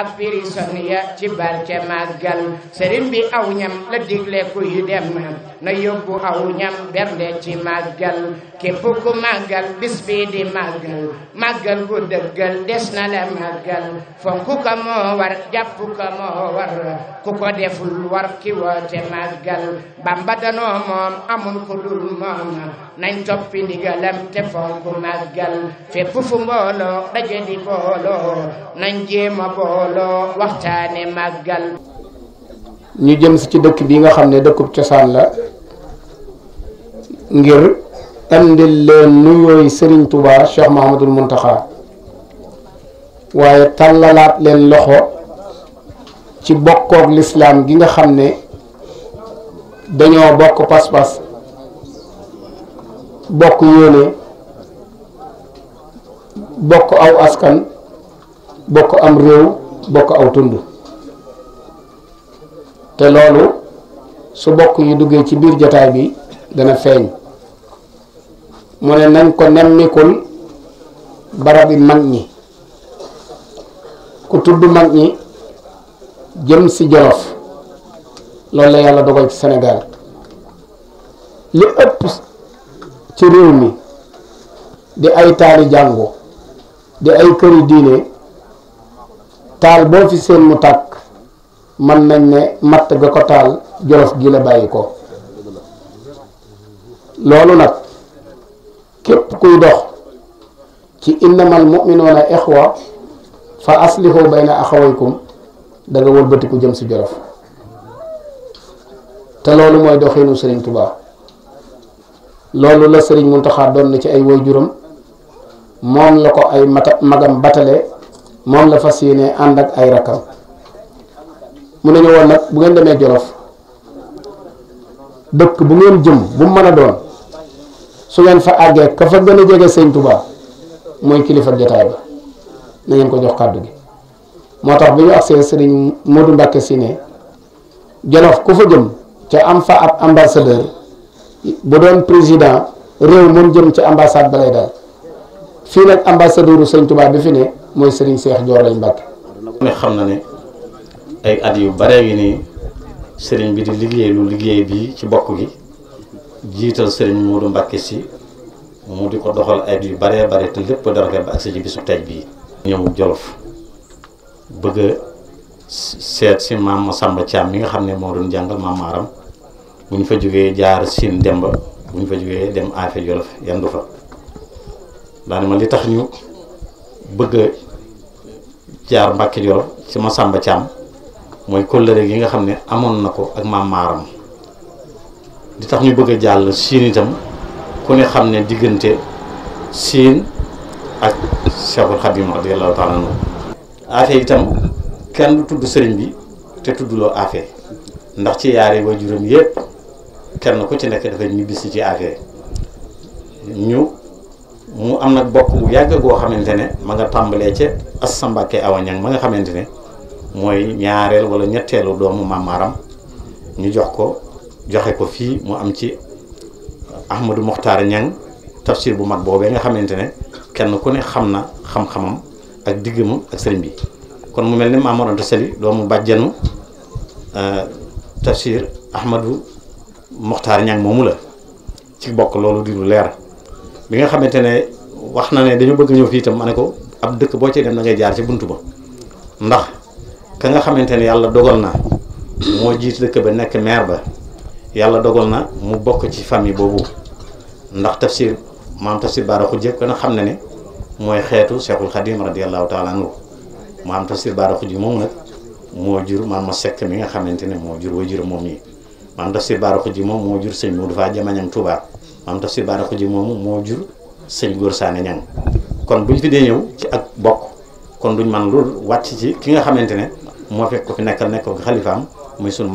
ak firi son ya ci barke màggal sëriñ bi aw ñam la digle kuy dem na yóbbu aw ñam bernde ci màggal képp ku màggal bis bi di màggal màggal ku dëggal des na la màggal fonk ko moo war jàpp ko moo war ku ko deful war ki woote màggal bamba danoo moom amul ku dul moom nañ toppi ndigalam te fonk màggal fépp fu mbooloo daje di booloo nañ jéema booloo waxtaane màggal ñu jëm ci dëkk bi nga xam ne dëkkub cosaan la ngir andil leen nuyooy Sëriñ Tuubaa Cheikh Mahamadul Muntaxa waaye tàllalaat leen loxo ci bokkoog lislaam gi nga xam ne dañoo bokk pas-pas bokk yéene bokk aw askan bokk am réew bokk aw tund te loolu su bokk yu duggee ci biir jataay bi dana feeñ mu ne nañ ko nemmikul barabi mag ñi ku tudd mag ñi jëm si Jolof lool la yàlla dogal ci Sénégal li ëpp ci réew mi di ay taali jàngo di ay këri diine taal boo fi seen mu tàkk mën nañ ne matt ga ko taal jolof gi la bàyyi ko loolu nag képp kuy dox ci innamal mu'minuuna ixwa fa aslihu bayna axawaykum da nga wëlbatiku jëm si jolof te loolu mooy doxinu Sëriñ Tuubaa loolu la sëriñ Muntaxa doon na ci ay juróom moom la ko ay mata magam batale moom la fa yéene ànd ak ay rakkam mu ne ñu nag bu ngeen demee Jolof dëkk bu ngeen jëm bu mën a doon su ngeen fa àggee ka fa gën a jege sëñ Tuubaa mooy kilifa jotaay ba na ngeen ko jox kàddu gi moo tax bi ñu agsee sëriñ Modou Mbàkke si ne Jolof ku fa jëm ca am fa ab ambassadeur bu doon président réew moom jëm ci ambassade balay daal fii nag ambassadeur sëñ Touba bi fi ne mooy sëriñ Cheikh Dior lañ Mbàkke ne xam na ne ay at yu bare ngi nii sëriñ bi di liggéey lu liggéey bii ci bokk gi jiital sëriñ Modou Mbàkke si mu di ko doxal ay yu bare bare te lépp dara ba ak si ci bisu tey bii ñëw Jolof bëgg a seet si maam Samba Thiam mi nga xam ne moo doon jàngal maam Maaram bu ñu fa jógee jaar Sine dem ba bu ñu fa jógee dem Affe Jolof yendu fa daane ma li tax ñu bëgg jaar Mbàkke Jolof ci Masamba Caam mooy kóllëre gi nga xam ne amoon na ko ak maam maaram li tax ñu bëgg a jàll Sine itam ku ne xam ne diggante siin ak Cheikhul Khadim radiyallahu taala anhu itam kenn tudd sëriñ bi te tuddloo Affe ndax ci yaari waajuram yépp kenn ku ci nekk dafay ñibbisi ci affaire ñu mu am nag bokk yàgg goo xamante ne ma nga tàmbalee ca Assa Mbàkke Awa Ñang ma nga xamante ne mooy ñaareel wala ñetteelu doomu maamaaram ñu jox ko joxe ko fii mu am ci Ahmadou Mokhtar Ñang tafsir bu mag boobee nga xamante ne kenn ku ne xam na xam-xamam ak diggamu ak sëriñ bi kon mu mel ni Maam Mor doomu bàjjanu euh, tafsir Ahmadou Moxtaar Ñang moomu la ci bokk loolu di lu leer bi nga xamante ne wax na ne dañoo bëgg ñëw fii itam ma ne ko ab dëkk boo ci dem na ngay jaar ci bunt ba ndax ka nga xamante ne yàlla dogal na moo jiit dëkk ba nekk maire ba yàlla dogal na mu bokk ci famille boobu ndax tafsir maam tafsir baara xujje ko na xam ne ne mooy xeetu Seexul Xadim radiallahu taala anhu maam tafsir baara xujje moom nag moo jur maam ma sekk mi nga xamante ne moo jur way jur moom yi maam tafsir baara xuji moom moo jur sëñ Modou Faa jamañang Touba maam tafsir baara xuji moomu moo jur sëñ Góor Saane ñang kon buñ fi dee ñëw ci ak bokk kon duñ man loolu wàcc ci ki nga xamante ne moo fekk ko fi nekkal nekk ko xalifaam muy sunu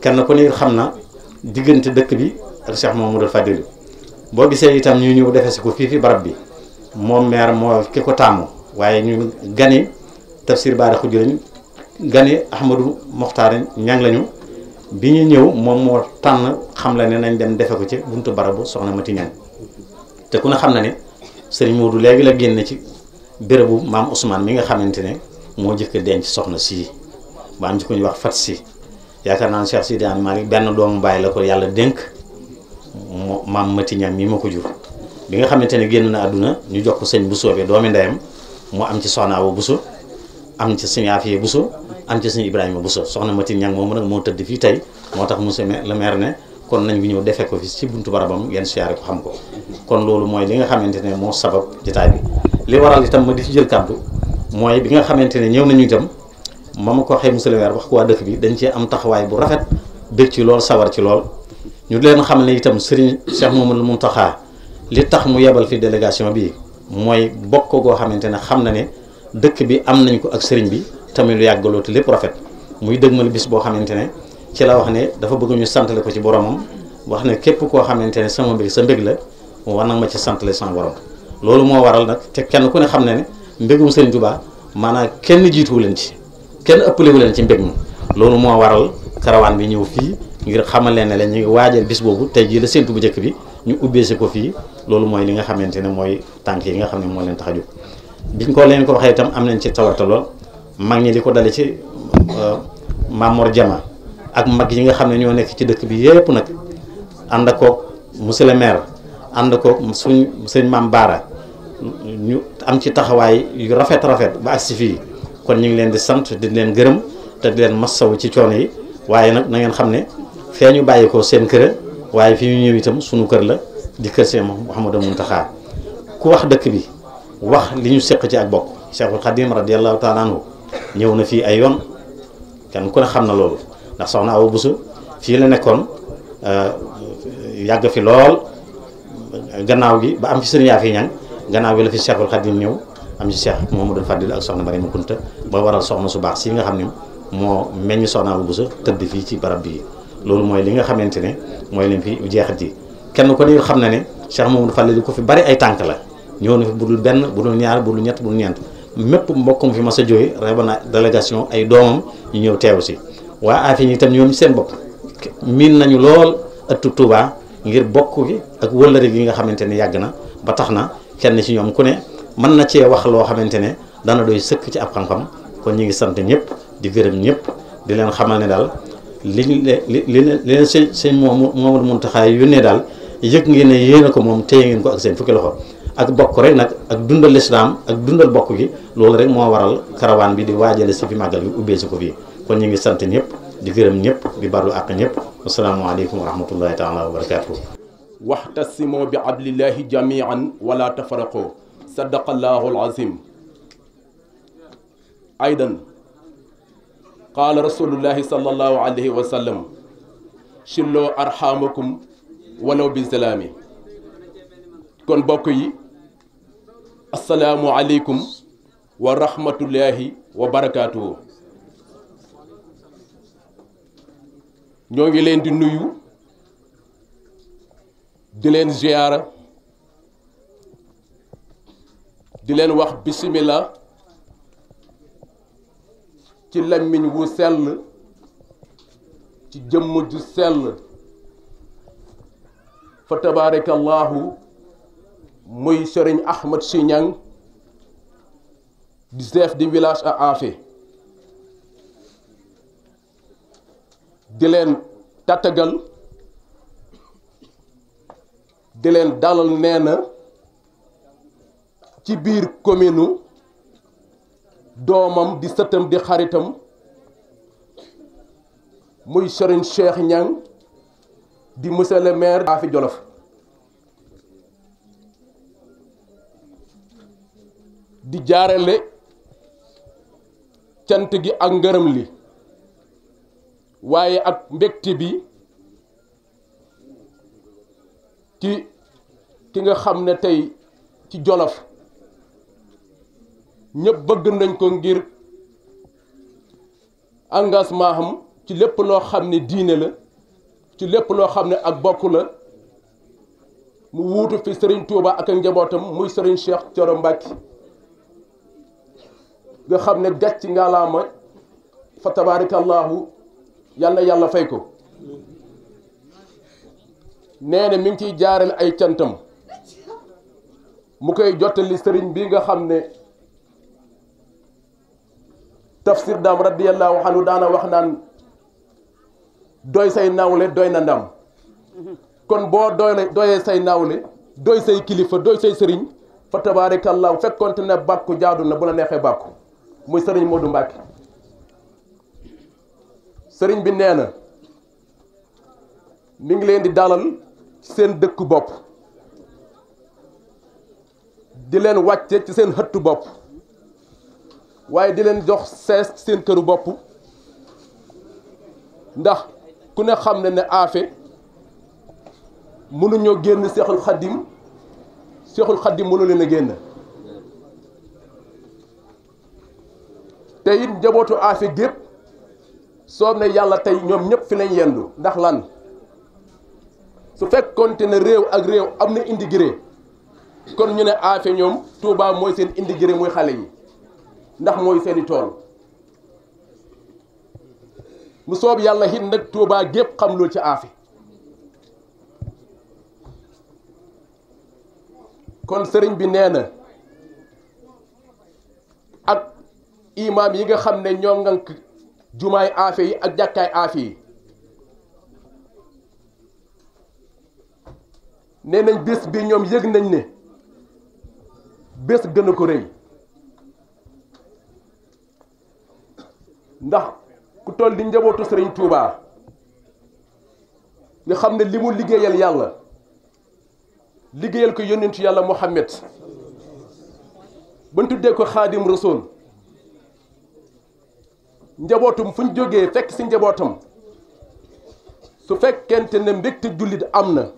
kenn ku ne xam na diggante dëkk bi ak Cheikh Mamadou Fadil boo gisee itam ñu ñëw defee ko fii fi barab bi moom meer moo ki ko tàmm waaye ñu gane tafsir baara xuji lañu gane Ahmadou Mokhtar ñang lañu bi ñu ñëw moom moo tànn xam la ne nañ dem defe ko ci buntu barabu soxna Mati te ku ne xam na ne sëriñ Moodu léegi la génn ci bérébu maam Ousmane mi nga xamante ne moo jëkk denc soxna sii ba am ci ko ñu wax fat si yaakaar naan ne Cheikh Sidi An Malick benn doomu bàyyi la ko yàlla dénk moo maam Mati Ñaŋ mi ma ko jur bi nga xamante ne génn na àdduna ñu jox ko sëñ bu soobee doomi ndeyam mu am ci soxnaawu Bousso am ci sëñ Afiyé buso ànd ci sëñ Ibrahima Bousso soxna Matin Ñang moom nag moo tëdd fii tey moo tax monsieur le maire ne kon nañ fi ñëw defee ko fi ci buntu barabam ngeen siyaare ko xam ko kon loolu mooy li nga xamante ne moo sabab jotaay bi li waral itam ma di ci jël kàddu mooy bi nga xamante ne ñëw nañu itam ma ma ko waxee mu le maire wax ko waa dëkk bi dañ cee am taxawaay bu rafet bëgg ci lool sawar ci lool ñu leen xam ne itam sëriñ Cheikh Mamadou Mountakha li tax mu yebal fi délégation bi mooy bokk goo xamante ne xam na ne dëkk bi am nañ ko ak sëriñ bi tamit lu yàggaloo te lépp rafet muy dëgmal bis boo xamante ne ci la wax ne dafa bëgg ñu santale ko ci boromam wax ne képp koo xamante ne sama mbég sa mbég la war na ma ci santale sama borom loolu moo waral nag te kenn ku ne xam ne ne mbégum Sëriñ Tuubaa maanaam kenn jiituwu leen ci kenn ëppalewu leen ci mbég mi loolu moo waral karawaan bi ñëw fii ngir xamal leen ne la ñu ngi waajal bis boobu tey jii la séntu bu njëkk bi ñu ubbeesi ko fii loolu mooy li nga xamante ne mooy tànk yi nga xam ne moo leen tax a jóg biñ ko leen ko waxee itam am nañ ci tawata lool mag ñi li ko dale ci euh, Mamor Jama ak mag yi nga xam ne ñoo nekk ci dëkk bi yépp nag ànd akook monsieur le maire ànd akook suñ sëñ Maam Baara ñu am ci taxawaay yu rafet rafet ba si fii kon ñu ngi leen di sant di leen gërëm te di leen massaw ci coono yi waaye nag na ngeen xam ne fee ñu bàyyi ko seen kër waaye fi ñu ñëw itam suñu kër la di kër seen Mouhamadou Mountakha ku wax dëkk bi wax li ñu seq ci ak bokk Cheikhul Khadim radiyallahu taala anhu ñëw na fii ay yoon kenn ku ne xam na loolu ndax soxna Awa Bousso fii la nekkoon euh, yàgg fi lool gannaaw gi ba am fi sëriñ yaa fi gannaaw bi la fi Cheikhul Khadim ñëw am ci Cheikh Mamadou Fadil ak soxna Mariama Kunta ba waral soxna su baax si nga xam ne moo meññ soxna Awa tëdd fii ci barab bii loolu mooy li nga xamante ne mooy leen fi jeexit yi kenn ko xam na ne Cheikh Mamadou Fadil ko fi bari ay tànk la ñëw na fi bu budul benn budul ñaar budul ñett budul ñeent mépp mbokkum fi ma sa jóge reba na délégation ay doomam ñu ñëw teewu si waa afin itam ñoom seen bopp miin nañu lool ëttu Touba ngir bokk bi ak wëllëre gi nga xamante ni yàgg na ba tax na kenn ci ñoom ku ne mën na cee wax loo xamante ne dana doy sëkk ci ab xam-xam kon ñu ngi sant ñëpp di gërëm ñëpp di leen xamal ne daal li ñu li li leen sëñ sëñ Mouhamadou Mountakha yónnee daal yëg ngeen ne yéen a ko moom te ngeen ko ak seen fukki loxo ak bokk rek nag ak dundal lislaam ak dundal bokk gi loolu rek moo waral karawaan bi di waajale si fi màggal bi ubbee si ko fii kon ñu ngi sant ñëpp di gërëm ñëpp di barlu àq ñëpp wasalaamualeykum wa rahmatullahi taala wa barakaatu waxtasimo bi abdillahi jamian wala tafaraqo sadaqallahu alazim aydan qaala rasulullahi sallallahu alayhi wa sallam shilloo arxamakum walaw bi salaami kon bokk yi asalaamualeykum wa rahmatullahi wa barakaatu. ñoo ngi leen di nuyu di leen ziyaara di leen wax bisimilah ci làmmiñ wu sell ci jëmm ju sell fa tabaarakallahu muy Serigne Ahmed Sy Niang di chef de village à Affé di leen tàttagal di leen dalal nee na ci biir commune doomam di sëtam di xaritam muy Serigne Cheikh ñaŋ di monsieur le maire Affé Jolof di jaarale cant gi ak ngërëm li waaye ak mbégte bi ci ki nga xam ne tey ci jolof ñëpp bëgg nañ ko ngir engagement am ci lépp loo xam ne diine la ci lépp loo xam ne ak bokk la mu wuutu fi sëriñ Touba ak njabootam muy Serigne Cheikh coro Mbacké nga xam ne gàcc ngaalaama fa tabaarakallaahu yal yàlla fay ko nee na mi ngi ciy jaarale ay cantam mu koy jottali sëriñ bi nga xam ne tafsir daam radiyallahu anhu daana wax naan doy say nawle doy na ndam kon boo doyle doyee say nawle doy say kilifa doy say sëriñ fa tabaarakallaahu fekkonte ne bàkku jaadu na bu la neexee bàkku muy sëriñ Modou Mbacke sëriñ bi nee na mi ngi leen di dalal ci seen dëkku bopp di leen wàcce ci seen xëttu bopp waaye di leen jox sees ci seen këru bopp ndax ku ne xam ne ne aafe mënuñoo génn seexul xaddim seexul xaddim mënu leen a génn te it njabootu Afe gépp soob na yàlla tey ñoom ñëpp fi lañ yendu ndax lan su fekkoonte ne réew ak réew am na indigré kon ñu ne Afe ñoom Touba mooy seen indigré muy xale yi ndax mooy seeni tool mu soob yàlla it nag Touba gépp xam loolu ci Afe kon sëriñ bi nee na imaam yi nga xam ne ñoo ngank jumaay aafe yi ak jàkkaay aafe yi nee nañ bés bi ñoom yëg nañ ne bés gën a ko rëy ndax ku toll di njabootu Sëriñ Tuubaa nga xam ne li mu liggéeyal yàlla liggéeyal ko yónnentu yàlla Muhammad ba ñu tuddee ko Xaadim Rasuul njabootum fu ñu jógee fekk si njabootam su fekkente ne mbégte jullit am na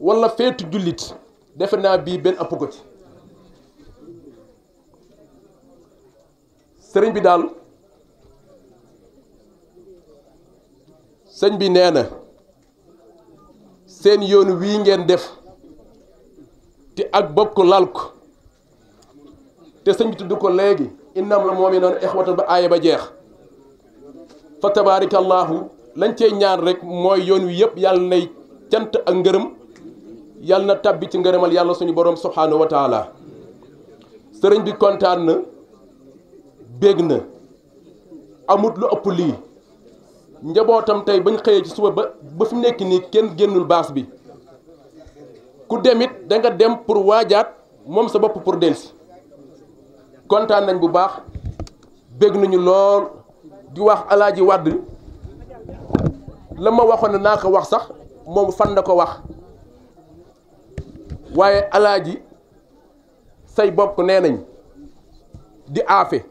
wala feetu jullit defe naa bii benn ëpp ko ci sëriñ bi daal sëñ bi nee na seen yoon wii ngeen def te ak bokk lal ko te sëñ bi tudd ko léegi innam la moom i noonu exwatan ba aaya ba jeex fa tabaarakallaahu lañ cee ñaan rek mooy yoon wi yëpp yàlla nay cant ak ngërëm yàlla na tabbi ci ngërëmal yàlla suñu borom subhaanahu wa taala sëriñ bi kontaan na bég na amut lu ëpp lii njabootam tey bañ xëyee ci suba ba ba fi nekk nii kenn génnul baas bi ku demit danga dem pour waajaat moom sa bopp pour delsi kontaan nañ bu baax bégg nañu lool di wax alaaji wàdd la ma waxoon naa ko wax sax moom fan na ko wax waaye alaaji say bopp nee nañ di aafe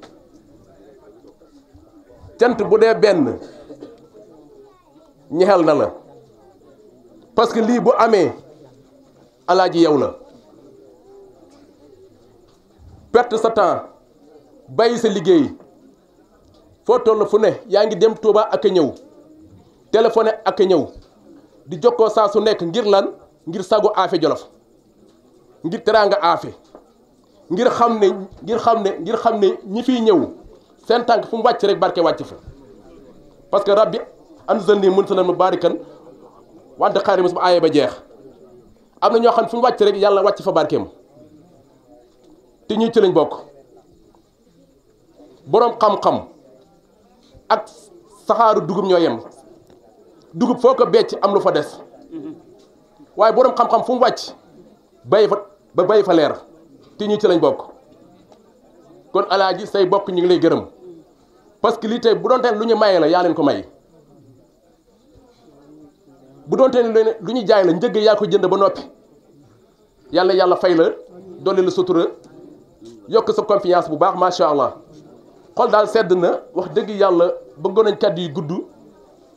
cant bu dee benn ñexel na la parce que lii bu amee alaaji yow la perte sa temps bàyyi sa liggéey foo toll fu ne yaa ngi dem Touba ak ñëw téléphoné ak ñëw di jox ko saa su nekk ngir lan ngir sagu Afé Jolof ngir teraanga Afé ngir xam ne ngir xam ne ngir xam ne ñi fiy ñëw seen tànk fu mu wàcc rek barke wàcc fa parce que rabbi anzalni munzalan mubarakan mu anta xayru munzil ba aaye ba jeex am na ñoo xam ne fu mu wàcc rek yàlla wàcc fa barkeem te ñuy ci bokk boroom xam-xam. ak saxaaru dugub ñoo yem dugub foo ko becc am lu fa des waaye boroom xam-xam fu mu wàcc bay fa ba bay fa leer te ñi ci lañ bokk kon alaaji say bokk ñu ngi lay gërëm parce que lii tey bu doonte lu ñu maye la yaa leen ko may bu doonte lu ñu jaay la njëg yaa ko jënd ba noppi yàlla yàlla fay la dolli la sutura yokk sa confiance bu baax macha allah. xol daal sedd na wax dëgg yàlla bëggoon nañ kàddu yu gudd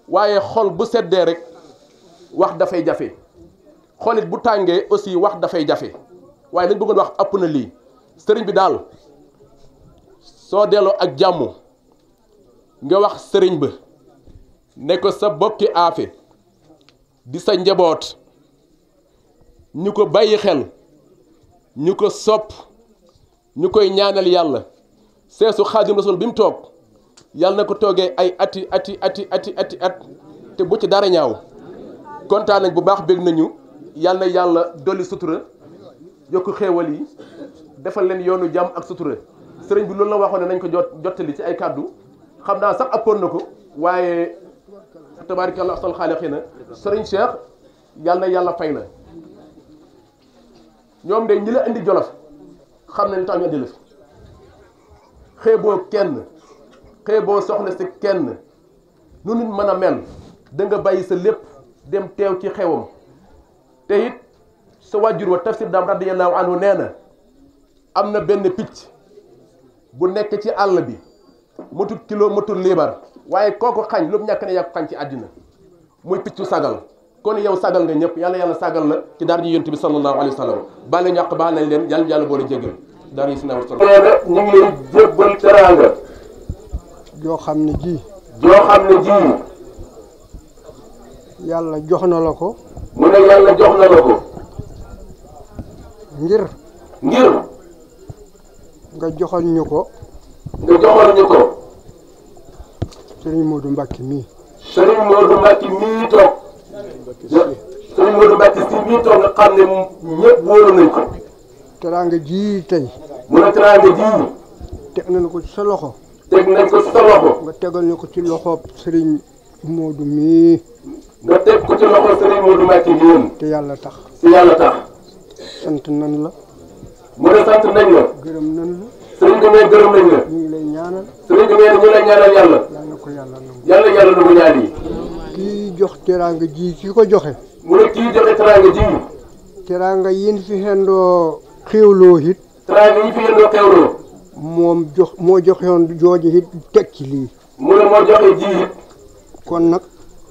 waaye xol bu seddee rek wax dafay jafe xol bu tàngee aussi wax dafay jafe waaye lañ bëggoon wax ëpp na lii sëriñ bi daal soo delloo ak jàmm nga wax sëriñ bi ne ko sa bokki aafe di sa njaboot ñu ko bàyyi xel ñu ko sopp ñu koy ñaanal yàlla seesu xaadim rasul bi mu toog yàlla na ko toogee ay ati ati ati ati ati at te bu ci dara ñaaw kontaan nañ bu baax bég nañu yàlla na yàlla dolli sutura yokk xéewal yi defal leen yoonu jàmm ak sutura sëriñ bi loolu la waxoon ne nañ ko jot jottali ci ay kàddu xam naa sax appoon na ko waaye tabaarikallaa sol xaaliqiina sëriñ Cheikh yàlla na yàlla fay la ñoom de ñi la indi jolof xam nañ tax ñu indi la xeeboo kenn xeeboo soxna si kenn nu mën a mel da nga bàyyi sa lépp dem teew ci xewam te it sa wàjjur wa tafsir daam radiyallahu anhu nee na am na benn picc bu nekk ci àll bi matul kilo matul liibar waaye kooku xañ lu mu ñàkk ne yaa xañ ci àddina muy piccu sagal kon yow sagal nga ñëpp yàlla yàlla sagal na ci daara ji yonent bi sallallahu alayhi wa sallam baal ñàq baal nañ leen yàlla yàlla boole jéggal daara yi Sëriñ Amar Sor na ñu ngi lay teraanga joo xam ne ji joo xam ne ji yàlla jox na la ko mu ne yàlla jox na la ko ngir ngir nga joxal ko nga joxal ñu ko sëriñ Modou Mbacke mii sëriñ Modou Mbacke mii toog sëriñ Modou Mbacke si mii toog nga xam ne ñëpp wóolu nañ ko teraanga ji tey. mu ne teraanga ji. teg nañ ko ci loxo. teg nañ ko ci nga tegal ñu ko ci loxo sëriñ Modou nga teg ko ci loxo Serigne Modou Mbacke mii. te yàlla tax. si yàlla tax. sant nan la. mu ne sant nañ la. gërëm nan la. sëriñ bi nee gërëm la. ñaanal. sëriñ bi nee yàlla. yàlla yàlla nangu. ko ñaan yi. jox teraanga ji ki ko joxe. mu ne kii joxe teraanga ji. teraanga yin fi xendoo xéwloo it. traité yi fi yëndoo xéwloo. moom jox moo joxewoon jooju it teg ci lii. mu ne moo joxe ji it. kon nag.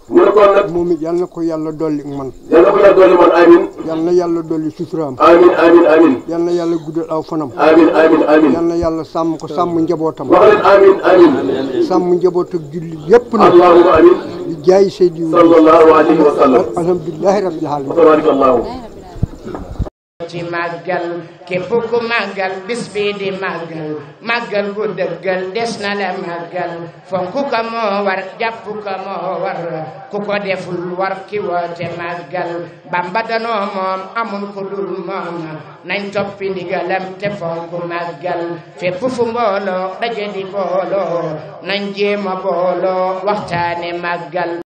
mu ne kon nag moom it yal na ko yàlla dolli man. yal na ko yàlla dolli man amin. yal na yàlla dolli suturaam. amin amin yal na yàlla guddal aw fanam. amin amin amin. yal na yàlla sàmm ko sàmm njabootam. wax amin amin. sàmm njaboot ak di jaay say diw. sallallahu alayhi wa sallam. alhamdulillahi rabbil ci màggal képp ku màggal bis bi di màggal màggal bu na la màggal fonk ko moo war jàpp ko moo war ku ko deful war ki woote màggal Bàmba danoo moom amul ku dul moom nañ toppi ndigalam te fonk màggal fépp fu mbooloo daje di booloo nañ jéema booloo waxtaane màggal